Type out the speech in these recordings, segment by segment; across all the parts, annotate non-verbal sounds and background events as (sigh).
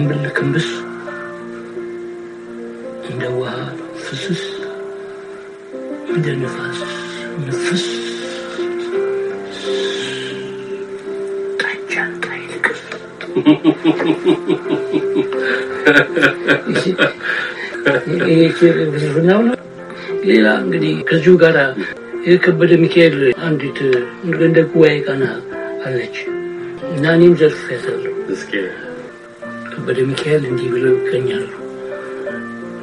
ክምብል ክምብስ እንደ ውሃ ፍስስ እንደ ንፋስ ንፍስ ሌላ እንግዲህ ከዚሁ ጋር የከበደ ሚካኤል አንዲት እንደ ጉባኤ ቀና አለች እና እኔም ዘርፍ ያሳለሁ ከበደ ሚካኤል እንዲህ ብለው ይገኛሉ።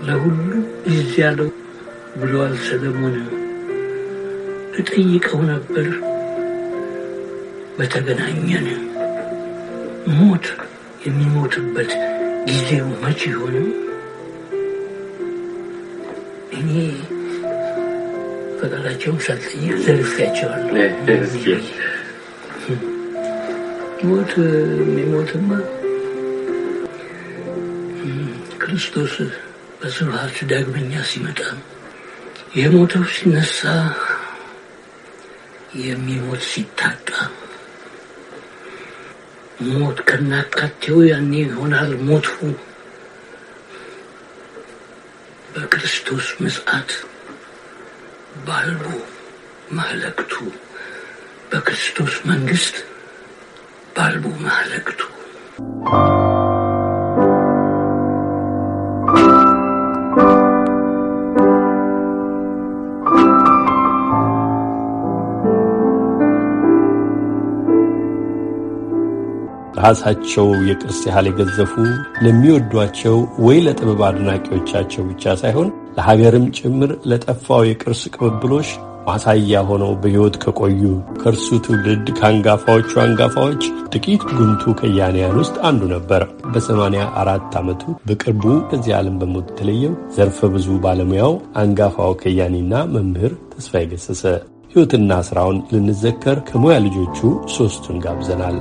ለሁሉ ጊዜ ያለው ብለዋል ሰለሞን። እጠይቀው ነበር በተገናኘን ሞት የሚሞትበት ጊዜው መች ይሆንም? እኔ ፈቃዳቸውን ሳልጠይቅ ዘርፌያቸዋለሁ። ሞት የሚሞትማ ክርስቶስ በስብሐት ዳግመኛ ሲመጣ የሞተው ሲነሳ፣ የሚሞት ሲታጣ፣ ሞት ከናካቴው ያኔ ይሆናል ሞቱ። በክርስቶስ ምጽአት ባልቦ ማለክቱ በክርስቶስ መንግስት ባልቦ ማህለቅቱ ለራሳቸው የቅርስ ያህል የገዘፉ ለሚወዷቸው ወይ ለጥበብ አድናቂዎቻቸው ብቻ ሳይሆን ለሀገርም ጭምር ለጠፋው የቅርስ ቅብብሎች ማሳያ ሆነው በሕይወት ከቆዩ ከእርሱ ትውልድ ከአንጋፋዎቹ አንጋፋዎች ጥቂት ጉምቱ ከያንያን ውስጥ አንዱ ነበር። በሰማንያ አራት ዓመቱ በቅርቡ ከዚህ ዓለም በሞት የተለየው ዘርፈ ብዙ ባለሙያው አንጋፋው ከያኒና መምህር ተስፋዬ ገሰሰ ሕይወትና ሥራውን ልንዘከር ከሙያ ልጆቹ ሦስቱን ጋብዘናል።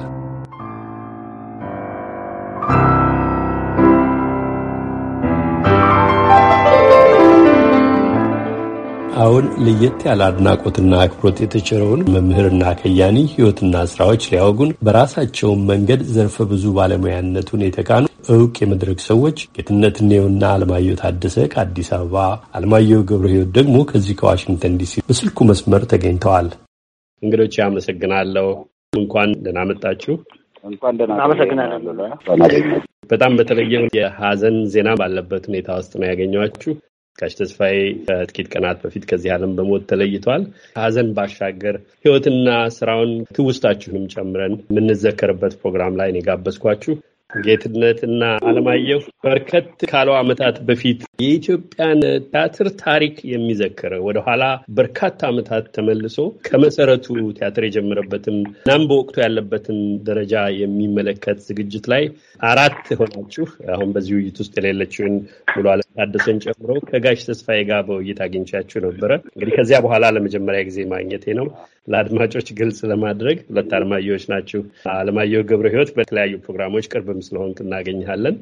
አሁን ለየት ያለ አድናቆትና አክብሮት የተቸረውን መምህርና ከያኒ ሕይወትና ስራዎች ሊያወጉን በራሳቸውን መንገድ ዘርፈ ብዙ ባለሙያነቱን የተካኑ እውቅ የመድረክ ሰዎች ጌትነት እንየውና አለማየሁ ታደሰ ከአዲስ አበባ፣ አለማየሁ ገብረ ሕይወት ደግሞ ከዚህ ከዋሽንግተን ዲሲ በስልኩ መስመር ተገኝተዋል። እንግዶች አመሰግናለሁ። እንኳን ደህና መጣችሁ። እንኳን ደህና አመሰግናለሁ። በጣም በተለየ የሀዘን ዜና ባለበት ሁኔታ ውስጥ ነው ያገኘኋችሁ። ጋሽ ተስፋዬ ከጥቂት ቀናት በፊት ከዚህ ዓለም በሞት ተለይቷል። ከሀዘን ባሻገር ህይወትና ስራውን ትውስታችሁንም ጨምረን የምንዘከርበት ፕሮግራም ላይ ነው የጋበዝኳችሁ። ጌትነትና አለማየሁ በርከት ካሉ ዓመታት በፊት የኢትዮጵያን ቲያትር ታሪክ የሚዘክር ወደኋላ በርካታ ዓመታት ተመልሶ ከመሰረቱ ቲያትር የጀመረበትን እናም በወቅቱ ያለበትን ደረጃ የሚመለከት ዝግጅት ላይ አራት ሆናችሁ አሁን በዚህ ውይይት ውስጥ የሌለችውን ሙሉ አለም ታደሰን ጨምሮ ከጋሽ ተስፋዬ ጋር በውይይት አግኝቻችሁ ነበረ። እንግዲህ ከዚያ በኋላ ለመጀመሪያ ጊዜ ማግኘቴ ነው። ለአድማጮች ግልጽ ለማድረግ ሁለት አለማየሁዎች ናችሁ። አለማየሁ ገብረ ህይወት በተለያዩ ፕሮግራሞች ቅርብ ቅርብም ስለሆንክ እናገኝሃለን።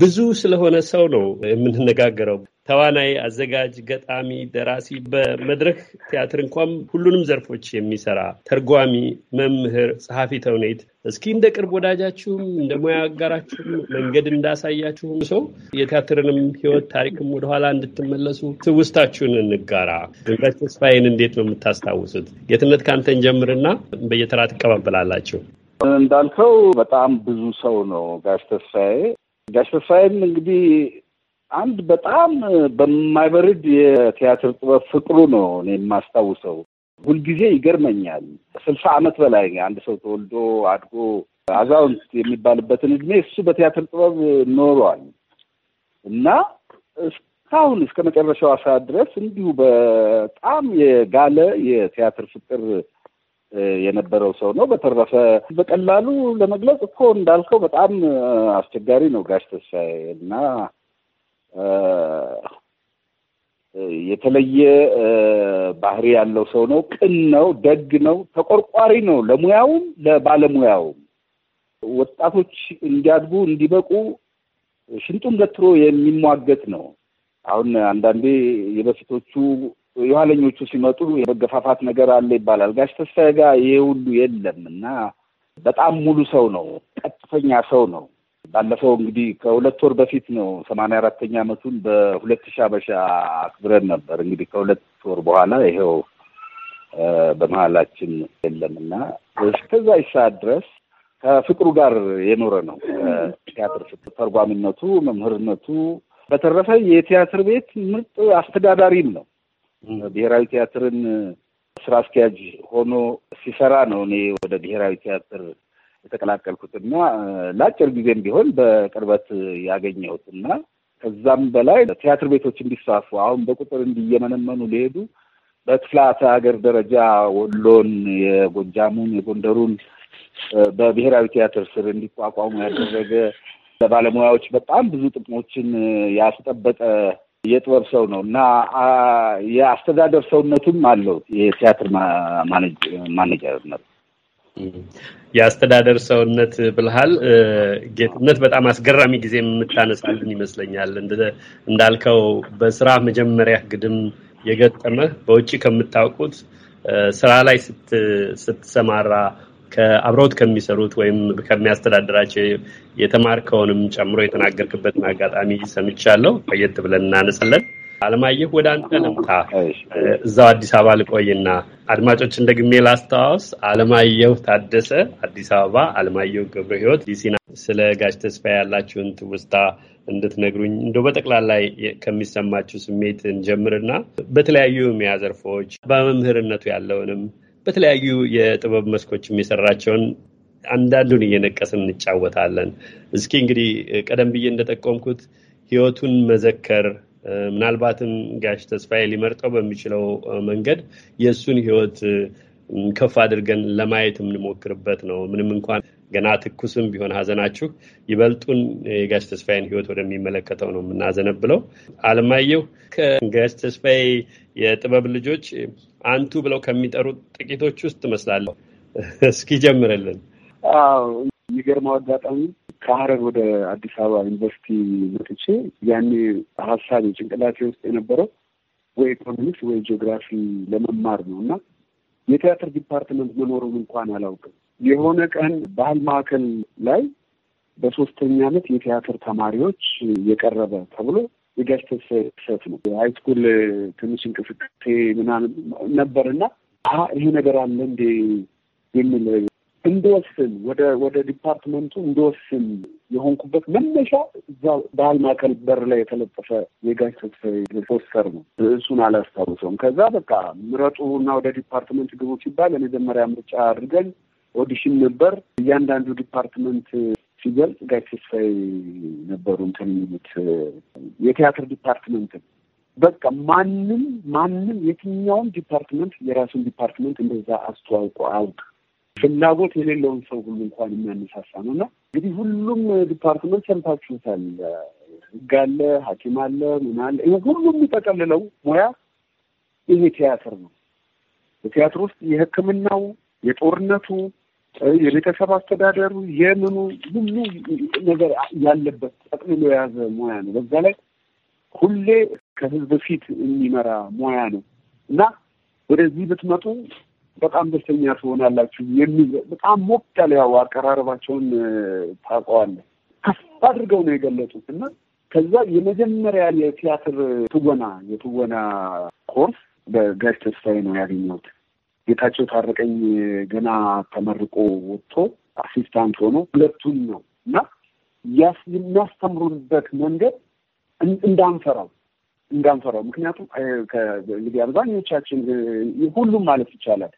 ብዙ ስለሆነ ሰው ነው የምንነጋገረው። ተዋናይ፣ አዘጋጅ፣ ገጣሚ፣ ደራሲ፣ በመድረክ ቲያትር እንኳን ሁሉንም ዘርፎች የሚሰራ ተርጓሚ፣ መምህር፣ ጸሐፊ ተውኔት እስኪ እንደ ቅርብ ወዳጃችሁም እንደ ሙያ አጋራችሁም መንገድ እንዳሳያችሁም ሰው የቲያትርንም ህይወት ታሪክም ወደኋላ እንድትመለሱ ትውስታችሁን እንጋራ። ድንጋይ ተስፋዬን እንዴት ነው የምታስታውሱት? ጌትነት ከአንተን ጀምርና በየተራ ትቀባበላላችሁ። እንዳልከው በጣም ብዙ ሰው ነው ጋሽ ተስፋዬ። ጋሽ ተስፋዬም እንግዲህ አንድ በጣም በማይበርድ የቲያትር ጥበብ ፍቅሩ ነው እኔ የማስታውሰው። ሁልጊዜ ይገርመኛል። ስልሳ ዓመት በላይ አንድ ሰው ተወልዶ አድጎ አዛውንት የሚባልበትን እድሜ እሱ በቲያትር ጥበብ ኖሯል እና እስካሁን እስከ መጨረሻው ሰዓት ድረስ እንዲሁ በጣም የጋለ የቲያትር ፍቅር የነበረው ሰው ነው። በተረፈ በቀላሉ ለመግለጽ እኮ እንዳልከው በጣም አስቸጋሪ ነው ጋሽ ተስፋዬ እና የተለየ ባህሪ ያለው ሰው ነው። ቅን ነው፣ ደግ ነው፣ ተቆርቋሪ ነው ለሙያውም ለባለሙያውም። ወጣቶች እንዲያድጉ እንዲበቁ ሽንጡን ገትሮ የሚሟገት ነው። አሁን አንዳንዴ የበፊቶቹ የኋለኞቹ ሲመጡ የመገፋፋት ነገር አለ ይባላል። ጋሽ ተስፋዬ ጋር ይሄ ሁሉ የለም እና በጣም ሙሉ ሰው ነው፣ ቀጥተኛ ሰው ነው። ባለፈው እንግዲህ ከሁለት ወር በፊት ነው ሰማንያ አራተኛ ዓመቱን በሁለት ሺህ አበሻ አክብረን ነበር። እንግዲህ ከሁለት ወር በኋላ ይሄው በመሀላችን የለምና እስከዛ ሰዓት ድረስ ከፍቅሩ ጋር የኖረ ነው። ቲያትር ፍቅር ተርጓሚነቱ፣ መምህርነቱ በተረፈ የቲያትር ቤት ምርጥ አስተዳዳሪም ነው። ብሔራዊ ቲያትርን ስራ አስኪያጅ ሆኖ ሲሰራ ነው እኔ ወደ ብሔራዊ ቲያትር የተቀላቀልኩትና ለአጭር ጊዜም ቢሆን በቅርበት ያገኘሁትና ከዛም በላይ ቲያትር ቤቶች እንዲስፋፉ አሁን በቁጥር እንዲየመነመኑ ሊሄዱ በክፍላተ ሀገር ደረጃ ወሎን፣ የጎጃሙን፣ የጎንደሩን በብሔራዊ ቲያትር ስር እንዲቋቋሙ ያደረገ ለባለሙያዎች በጣም ብዙ ጥቅሞችን ያስጠበቀ የጥበብ ሰው ነው እና የአስተዳደር ሰውነቱም አለው። የቲያትር ማኔጀርነት የአስተዳደር ሰውነት ብልሃል ጌትነት፣ በጣም አስገራሚ ጊዜ የምታነሳልን ይመስለኛል። እንዳልከው በስራ መጀመሪያ ግድም የገጠመህ በውጭ ከምታውቁት ስራ ላይ ስትሰማራ ከአብረውት ከሚሰሩት ወይም ከሚያስተዳድራቸው የተማርከውንም ጨምሮ የተናገርክበትን አጋጣሚ ሰምቻለሁ። ቆየት ብለን እናነሳለን። አለማየሁ ወደ አንተ ልምጣ። እዛው አዲስ አበባ ልቆይና አድማጮች እንደ ግሜ ላስታዋውስ አለማየሁ ታደሰ አዲስ አበባ፣ አለማየሁ ገብረ ህይወት ዲሲና። ስለ ጋሽ ተስፋ ያላችሁን ትውስታ እንድትነግሩኝ እንደ በጠቅላላ ከሚሰማችሁ ስሜት እንጀምርና በተለያዩ የሙያ ዘርፎች በመምህርነቱ ያለውንም በተለያዩ የጥበብ መስኮች የሚሰራቸውን አንዳንዱን እየነቀስን እንጫወታለን። እስኪ እንግዲህ ቀደም ብዬ እንደጠቆምኩት ህይወቱን መዘከር ምናልባትም ጋሽ ተስፋዬ ሊመርጠው በሚችለው መንገድ የእሱን ህይወት ከፍ አድርገን ለማየት የምንሞክርበት ነው። ምንም እንኳን ገና ትኩስም ቢሆን ሀዘናችሁ ይበልጡን የጋሽ ተስፋዬን ህይወት ወደሚመለከተው ነው የምናዘነብለው። አለማየሁ ከጋሽ ተስፋዬ የጥበብ ልጆች አንቱ ብለው ከሚጠሩት ጥቂቶች ውስጥ ትመስላለሁ። (laughs) እስኪ ጀምርልን። አዎ የሚገርመው አጋጣሚ ከሀረር ወደ አዲስ አበባ ዩኒቨርሲቲ መጥቼ ያኔ ሀሳቤ ጭንቅላቴ ውስጥ የነበረው ወይ ኢኮኖሚክስ ወይ ጂኦግራፊ ለመማር ነው እና የቲያትር ዲፓርትመንት መኖሩን እንኳን አላውቅም። የሆነ ቀን ባህል ማዕከል ላይ በሶስተኛ ዓመት የቲያትር ተማሪዎች የቀረበ ተብሎ የገሰሰ ሰት ነው። ሃይስኩል ትንሽ እንቅስቃሴ ምናምን ነበር አ ይሄ ነገር አለ እንዴ የሚል እንደወስን ወደ ወደ ዲፓርትመንቱ እንደወስን የሆንኩበት መነሻ እዛ ባህል ማዕከል በር ላይ የተለጠፈ የጋሽ ተስፋዬ ፖስተር ነው። እሱን አላስታውሰውም። ከዛ በቃ ምረጡ እና ወደ ዲፓርትመንት ግቡ ሲባል የመጀመሪያ ምርጫ አድርገን ኦዲሽን ነበር። እያንዳንዱ ዲፓርትመንት ሲገልጽ ጋሽ ተስፋዬ ነበሩ እንትን የሚሉት የቲያትር ዲፓርትመንትን በቃ ማንም ማንም የትኛውም ዲፓርትመንት የራሱን ዲፓርትመንት እንደዛ አስተዋውቆ አውቅ ፍላጎት የሌለውን ሰው ሁሉ እንኳን የሚያነሳሳ ነው እና እንግዲህ ሁሉም ዲፓርትመንት ሰምታችሁታል። ህግ አለ፣ ሐኪም አለ፣ ምን አለ። ይህ ሁሉ የሚጠቀልለው ሙያ ይሄ ቲያትር ነው። በቲያትር ውስጥ የህክምናው፣ የጦርነቱ፣ የቤተሰብ አስተዳደሩ የምኑ ሁሉ ነገር ያለበት ጠቅልሎ የያዘ ሙያ ነው። በዛ ላይ ሁሌ ከህዝብ ፊት የሚመራ ሙያ ነው እና ወደዚህ ብትመጡ በጣም ደስተኛ ትሆናላችሁ የሚል በጣም ሞቅ ያለ ያው አቀራረባቸውን ታውቀዋለህ። ከፍ አድርገው ነው የገለጡት እና ከዛ የመጀመሪያ የቲያትር ትወና የትወና ኮርስ በጋሽ ተስፋዬ ነው ያገኘሁት። ጌታቸው ታረቀኝ ገና ተመርቆ ወጥቶ አሲስታንት ሆኖ ሁለቱን ነው እና የሚያስተምሩበት መንገድ እንዳንፈራው እንዳንፈራው ምክንያቱም እንግዲህ አብዛኞቻችን ሁሉም ማለት ይቻላል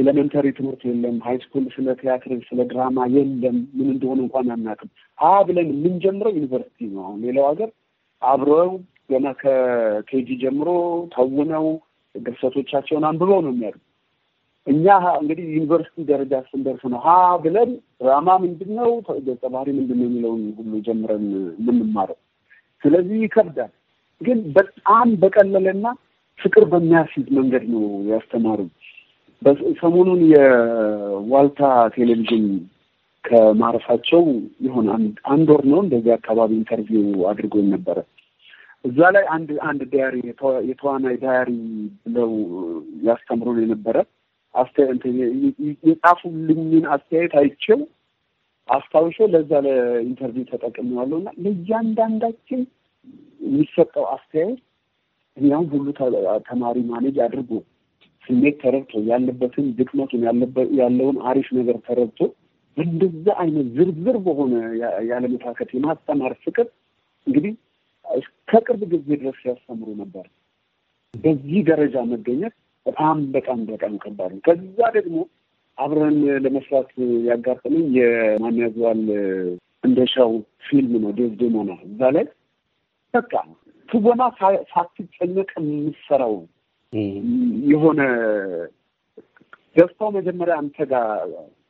ኤሌመንተሪ ትምህርት የለም፣ ሀይ ስኩል ስለ ቲያትር ስለ ድራማ የለም፣ ምን እንደሆነ እንኳን አናውቅም። አ ብለን የምንጀምረው ዩኒቨርሲቲ ነው። አሁን ሌላው ሀገር አብረው ገና ከኬጂ ጀምሮ ተውነው ድርሰቶቻቸውን አንብበው ነው የሚያድጉ። እኛ እንግዲህ ዩኒቨርሲቲ ደረጃ ስንደርስ ነው ሀ ብለን ድራማ ምንድን ነው ገጸ ባህሪ ምንድን ነው የሚለውን ሁሉ ጀምረን የምንማረው። ስለዚህ ይከብዳል፣ ግን በጣም በቀለለና ፍቅር በሚያስይዝ መንገድ ነው ያስተማሩ። ሰሞኑን የዋልታ ቴሌቪዥን ከማረፋቸው የሆነ አንድ ወር ነው እንደዚህ አካባቢ ኢንተርቪው አድርጎኝ ነበረ። እዛ ላይ አንድ አንድ ዳያሪ የተዋናይ ዳያሪ ብለው ያስተምሩን የነበረ አስተያየት የጻፉልኝን አስተያየት አይቼው አስታውሾ ለዛ ለኢንተርቪው ተጠቅሜዋለሁ እና ለእያንዳንዳችን የሚሰጠው አስተያየት እኛም ሁሉ ተማሪ ማኔጅ አድርጎ ስሜት ተረድቶ ያለበትን ድክመቱን ያለውን አሪፍ ነገር ተረድቶ እንደዛ አይነት ዝርዝር በሆነ ያለመታከት የማስተማር ፍቅር እንግዲህ ከቅርብ ጊዜ ድረስ ሲያስተምሩ ነበር። በዚህ ደረጃ መገኘት በጣም በጣም በጣም ከባድ ነው። ከዛ ደግሞ አብረን ለመስራት ያጋጠመኝ የማን እንደሻው ፊልም ነው ዴዝዴሞና። እዛ ላይ በቃ ትወና ሳትጨነቅ የምትሰራው የሆነ ደስታው መጀመሪያ አንተ ጋር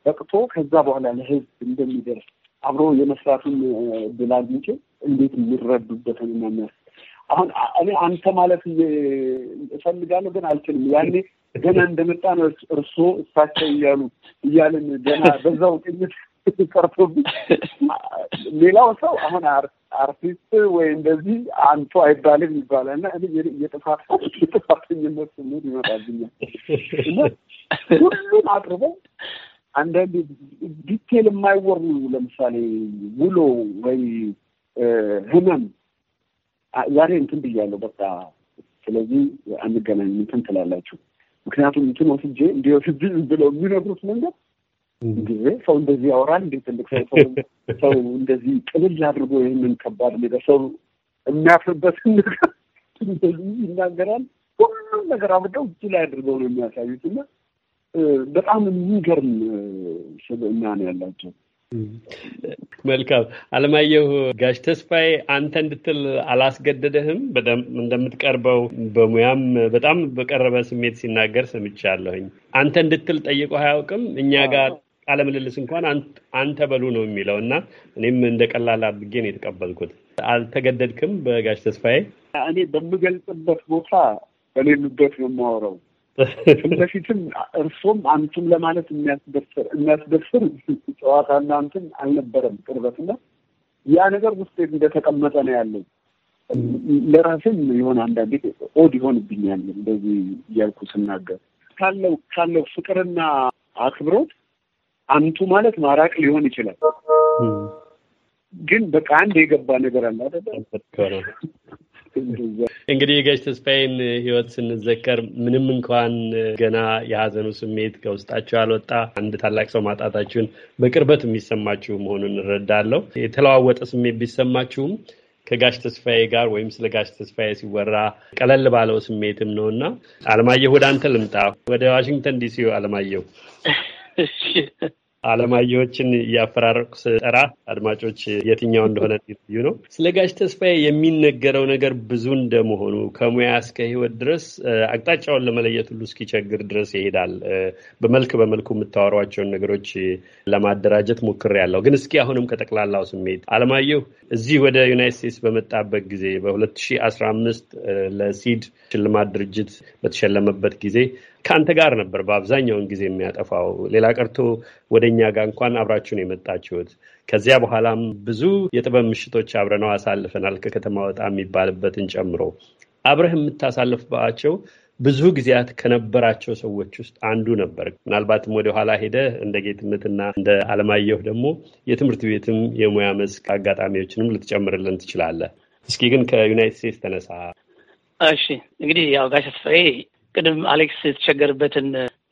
በቅቶ ከዛ በኋላ ለህዝብ እንደሚደርስ አብሮ የመስራቱን እድል አግኝቼ እንዴት የሚረዱበትን እና የሚያስ አሁን እኔ አንተ ማለት እፈልጋለሁ ግን አልችልም። ያኔ ገና እንደመጣ ነው እርሶ እሳቸው እያሉ እያልን ገና በዛው ቅኝት (laughs) ቀርቶብኝ ሌላው ሰው አሁን አርቲስት ወይ እንደዚህ አንቱ አይባልም ይባላል እና የጥፋት (laughs) የጥፋተኝነት ስሜት ይመጣብኛል ሁሉን አቅርበው አንዳንድ ዲቴል የማይወሩ ለምሳሌ ውሎ ወይ ህመም ዛሬ እንትን ብያለሁ በቃ ስለዚህ አንገናኝ እንትን ትላላችሁ። ምክንያቱም እንትን ወስጄ እንዲ ወስጄ ብለው የሚነግሩት መንገድ ጊዜ ሰው እንደዚህ ያወራል እንዴ? ትልቅ ሰው (laughs) ሰው እንደዚህ ቅልል አድርጎ ይህንን ከባድ ነገር ሰው የሚያፍርበትን ነገር እንደዚህ ይናገራል። ሁሉም ነገር አብደው እጅ ላይ አድርገው ነው የሚያሳዩት እና በጣም የሚገርም ስብዕና ነው ያላቸው። መልካም አለማየሁ ጋሽ ተስፋዬ አንተ እንድትል አላስገደደህም። በጣም እንደምትቀርበው በሙያም በጣም በቀረበ ስሜት ሲናገር ሰምቻለሁኝ። አንተ እንድትል ጠይቆ አያውቅም። እኛ ጋር ቃለ ምልልስ እንኳን አንተ በሉ ነው የሚለው እና እኔም እንደ ቀላል አድርጌ ነው የተቀበልኩት። አልተገደድክም በጋሽ ተስፋዬ። እኔ በምገልጽበት ቦታ በሌሉበት ነው የማወራው ከዚህ በፊትም እርሶም አንቱም ለማለት የሚያስደፍር ጨዋታ አንቱም አልነበረም ቅርበትና ያ ነገር ውስጥ እንደተቀመጠ ነው ያለው። ለራሴም የሆነ አንዳንዴ ኦድ ይሆንብኛል እንደዚህ እያልኩ ስናገር ካለው ካለው ፍቅርና አክብሮት አንቱ ማለት ማራቅ ሊሆን ይችላል። ግን በቃ አንድ የገባ ነገር አለ አይደለ? እንግዲህ የጋሽ ተስፋዬን ህይወት ስንዘከር ምንም እንኳን ገና የሀዘኑ ስሜት ከውስጣችሁ ያልወጣ አንድ ታላቅ ሰው ማጣታችሁን በቅርበት የሚሰማችሁ መሆኑን እንረዳለሁ። የተለዋወጠ ስሜት ቢሰማችሁም ከጋሽ ተስፋዬ ጋር ወይም ስለ ጋሽ ተስፋዬ ሲወራ ቀለል ባለው ስሜትም ነው እና አለማየሁ፣ ወደ አንተ ልምጣ። ወደ ዋሽንግተን ዲሲ አለማየሁ። አለማየዎችን እያፈራረቁ ስጠራ አድማጮች የትኛው እንደሆነ ልዩ ነው። ስለ ጋሽ ተስፋዬ የሚነገረው ነገር ብዙ እንደመሆኑ ከሙያ እስከ ሕይወት ድረስ አቅጣጫውን ለመለየት ሁሉ እስኪቸግር ድረስ ይሄዳል። በመልክ በመልኩ የምታወሯቸውን ነገሮች ለማደራጀት ያለው ግን እስኪ አሁንም ከጠቅላላው ስሜት አለማየሁ እዚህ ወደ ዩናይት ስቴትስ በመጣበት ጊዜ በ2015 ለሲድ ሽልማት ድርጅት በተሸለመበት ጊዜ ከአንተ ጋር ነበር በአብዛኛውን ጊዜ የሚያጠፋው። ሌላ ቀርቶ ወደ እኛ ጋር እንኳን አብራችሁን የመጣችሁት። ከዚያ በኋላም ብዙ የጥበብ ምሽቶች አብረነው አሳልፈናል፣ ከከተማ ወጣ የሚባልበትን ጨምሮ አብረህ የምታሳልፍባቸው ብዙ ጊዜያት ከነበራቸው ሰዎች ውስጥ አንዱ ነበር። ምናልባትም ወደ ኋላ ሄደህ እንደ ጌትነትና እንደ አለማየሁ ደግሞ የትምህርት ቤትም የሙያ መስክ አጋጣሚዎችንም ልትጨምርልን ትችላለህ። እስኪ ግን ከዩናይትድ ስቴትስ ተነሳ። እሺ እንግዲህ ያው ጋሽ ተስፋዬ ቅድም አሌክስ የተቸገርበትን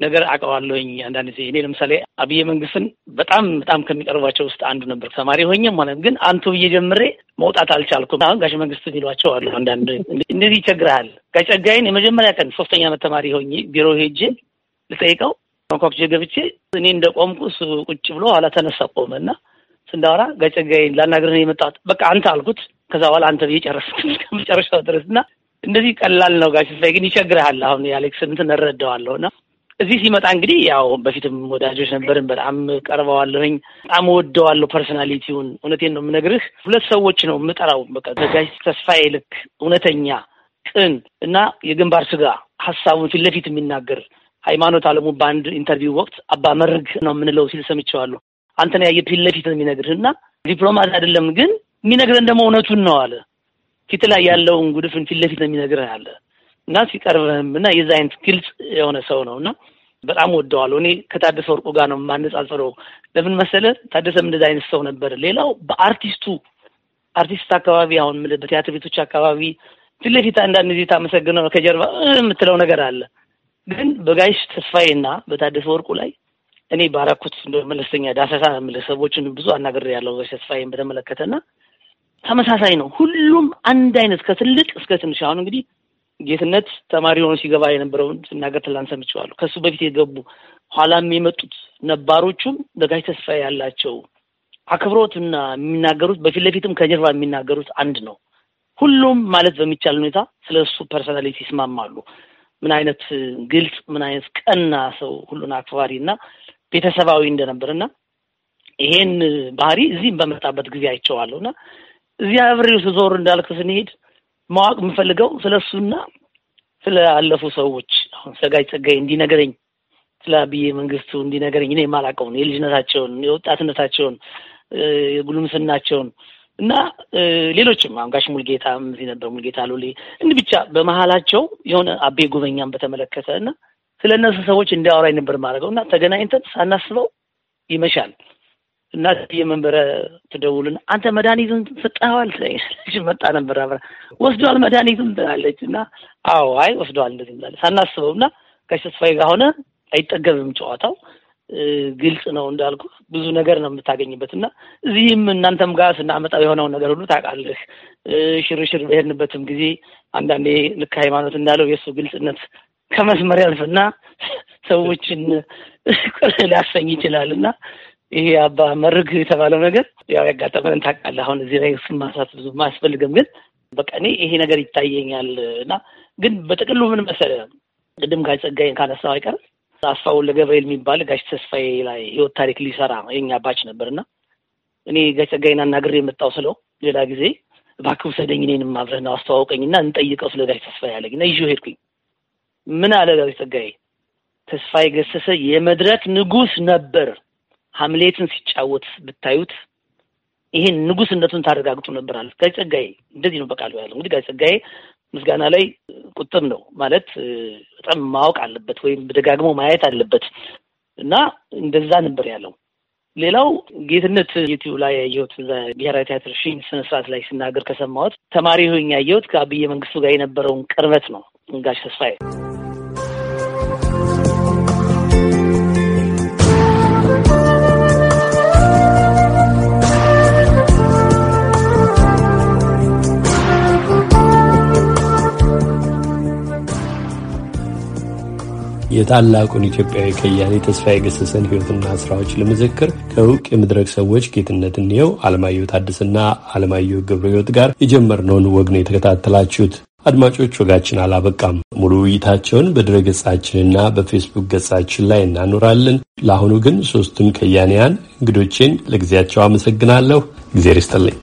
ነገር አውቀዋለሁኝ። አንዳንድ ጊዜ እኔ ለምሳሌ አብይ መንግስትን በጣም በጣም ከሚቀርቧቸው ውስጥ አንዱ ነበር። ተማሪ ሆኜም ማለት ግን አንቱ ብዬ ጀምሬ መውጣት አልቻልኩም። አሁን ጋሽ መንግስት ይሏቸው አሉ አንዳንድ እንደዚህ ይቸግረሃል። ጋሽ የመጀመሪያ ቀን ሶስተኛ ዓመት ተማሪ ሆኜ ቢሮ ሄጄ ልጠይቀው አንኳኩቼ ገብቼ እኔ እንደ ቆምኩ እሱ ቁጭ ብሎ ኋላ ተነሳ ቆመ እና ስንዳወራ ጋሽ ጸጋዬን ላናግርህ የመጣሁት። በቃ አንተ አልኩት። ከዛ በኋላ አንተ ብዬ ጨረስኩት እስከ መጨረሻው ድረስ እና እንደዚህ ቀላል ነው ጋሽ ስፋዬ፣ ግን ይቸግርሃል። አሁን የአሌክስ እንትን እረዳዋለሁ እና እዚህ ሲመጣ እንግዲህ ያው በፊትም ወዳጆች ነበርን። በጣም ቀርበዋለሁኝ፣ በጣም ወደዋለሁ ፐርሶናሊቲውን። እውነቴን ነው የምነግርህ፣ ሁለት ሰዎች ነው የምጠራው በቃ በጋሽ ተስፋዬ ልክ እውነተኛ ቅን እና የግንባር ስጋ ሀሳቡን ፊት ለፊት የሚናገር ሃይማኖት አለሙ በአንድ ኢንተርቪው ወቅት አባ መርግ ነው የምንለው ሲል ሰምቼዋለሁ። አንተን ያየ ፊት ለፊት ነው የሚነግርህ እና ዲፕሎማት አይደለም ግን የሚነግረን ደግሞ እውነቱን ነው አለ ፊት ላይ ያለውን ጉድፍን ፊት ለፊት የሚነግርህ አለ እና ሲቀርብህም እና የዛ አይነት ግልጽ የሆነ ሰው ነው እና በጣም ወደዋለሁ። እኔ ከታደሰ ወርቁ ጋር ነው የማነጻጽረው። ለምን መሰለ ታደሰም እንደዛ አይነት ሰው ነበር። ሌላው በአርቲስቱ አርቲስት አካባቢ አሁን የምልህ በቲያትር ቤቶች አካባቢ ፊት ለፊት አንዳንድ ጊዜ ታመሰግነው ከጀርባ የምትለው ነገር አለ። ግን በጋይሽ ተስፋዬ ተስፋዬና በታደሰ ወርቁ ላይ እኔ ባረኩት እንደ መለስተኛ ዳሰሳ የምልህ ሰዎችን ብዙ አናግሬያለሁ። ጋሽ ተስፋዬን በተመለከተ በተመለከተና ተመሳሳይ ነው። ሁሉም አንድ አይነት ከትልቅ እስከ ትንሽ። አሁን እንግዲህ ጌትነት ተማሪ ሆኖ ሲገባ የነበረውን ሲናገር ትላንት ሰምቼዋለሁ። ከሱ በፊት የገቡ ኋላም የመጡት ነባሮቹም ለጋሽ ተስፋ ያላቸው አክብሮትና የሚናገሩት በፊት ለፊትም ከጀርባ የሚናገሩት አንድ ነው። ሁሉም ማለት በሚቻል ሁኔታ ስለ እሱ ፐርሶናሊቲ ይስማማሉ። ምን አይነት ግልጽ፣ ምን አይነት ቀና ሰው፣ ሁሉን አክባሪ እና ቤተሰባዊ እንደነበር እና ይሄን ባህሪ እዚህም በመጣበት ጊዜ አይቼዋለሁ እና እዚያ አብሬው ስዞር እንዳልክ ስንሄድ ማወቅ የምፈልገው ስለ እሱና ስለ ሰዎች አሁን ሰጋይ ጸጋይ እንዲነገረኝ ስለ አብዬ መንግስቱ እንዲነገረኝ እኔ የማላውቀውን የልጅነታቸውን፣ የወጣትነታቸውን፣ የጉልምስናቸውን እና ሌሎችም አሁን ጋሽ ሙልጌታ እዚህ ነበር፣ ሙልጌታ ሎሌ እንዲህ ብቻ በመሀላቸው የሆነ አቤ ጉበኛን በተመለከተ እና ስለ እነሱ ሰዎች እንዲያወራኝ ነበር የማደርገው እና ተገናኝተን ሳናስበው ይመሻል እናት የመንበረ ትደውልና አንተ መድኃኒቱን ሰጠኸዋል ትለኛለች። መጣ ነበር አብራ ወስዷል መድኃኒቱን ትላለች። እና አዎ አይ ወስዷል እንደዚህ ትላለች። ሳናስበው እና ጋሽ ጋር ሆነ አይጠገብም ጨዋታው ግልጽ ነው እንዳልኩ ብዙ ነገር ነው የምታገኝበት። እና እዚህም እናንተም ጋር ስናመጣው የሆነውን ነገር ሁሉ ታውቃለህ። ሽርሽር በሄድንበትም ጊዜ አንዳንዴ ልክ ሃይማኖት እንዳለው የእሱ ግልጽነት ከመስመር ያልፍና ሰዎችን (laughs) ሊያሰኝ ይችላል እና ይሄ አባ መርግ የተባለው ነገር ያው ያጋጠመን ታውቃለህ። አሁን እዚህ ላይ እሱን ማንሳት ብዙ አያስፈልግም። ግን በቃ እኔ ይሄ ነገር ይታየኛል እና ግን በጥቅሉ ምን መሰለህ ቅድም ጋሽ ጸጋዬን ካነሳው አይቀር አስፋው ለገብርኤል የሚባል ጋሽ ተስፋዬ ላይ ህይወት ታሪክ ሊሰራ የኛ አባች ነበር እና እኔ ጋሽ ጸጋዬን አናግሬ የመጣው ስለው ሌላ ጊዜ እባክህ ውሰደኝ እኔንም አብረህ ነው አስተዋውቀኝ እና እንጠይቀው ስለ ጋሽ ተስፋዬ አለኝ እና ይዤው ሄድኩኝ። ምን አለ ጋሽ ጸጋዬ ተስፋዬ ገሰሰ የመድረክ ንጉስ ነበር ሀምሌትን ሲጫወት ብታዩት ይሄን ንጉስነቱን ታረጋግጡ ነበር አለ ጋሽ ጸጋዬ። እንደዚህ ነው በቃሉ ያለው። እንግዲህ ጋሽ ጸጋዬ ምስጋና ላይ ቁጥብ ነው ማለት በጣም ማወቅ አለበት ወይም ደጋግሞ ማየት አለበት እና እንደዛ ነበር ያለው። ሌላው ጌትነት ዩቲዩብ ላይ ያየሁት ብሔራዊ ቲያትር ሺ ስነስርዓት ላይ ሲናገር ከሰማሁት ተማሪ ሆኝ ያየሁት ከአብየ መንግስቱ ጋር የነበረውን ቅርበት ነው ጋሽ ተስፋዬ የታላቁን ኢትዮጵያዊ ከያኔ ተስፋ የገሰሰን ህይወትና ስራዎች ለመዘክር ከእውቅ የመድረክ ሰዎች ጌትነት እንየው፣ አለማየሁ ታድስና አለማየሁ ገብረ ህይወት ጋር የጀመርነውን ወግ ነው የተከታተላችሁት። አድማጮች ወጋችን አላበቃም። ሙሉ ውይይታቸውን በድረ ገጻችንና በፌስቡክ ገጻችን ላይ እናኖራለን። ለአሁኑ ግን ሶስቱን ከያንያን እንግዶቼን ለጊዜያቸው አመሰግናለሁ። እግዜር ይስጥልኝ።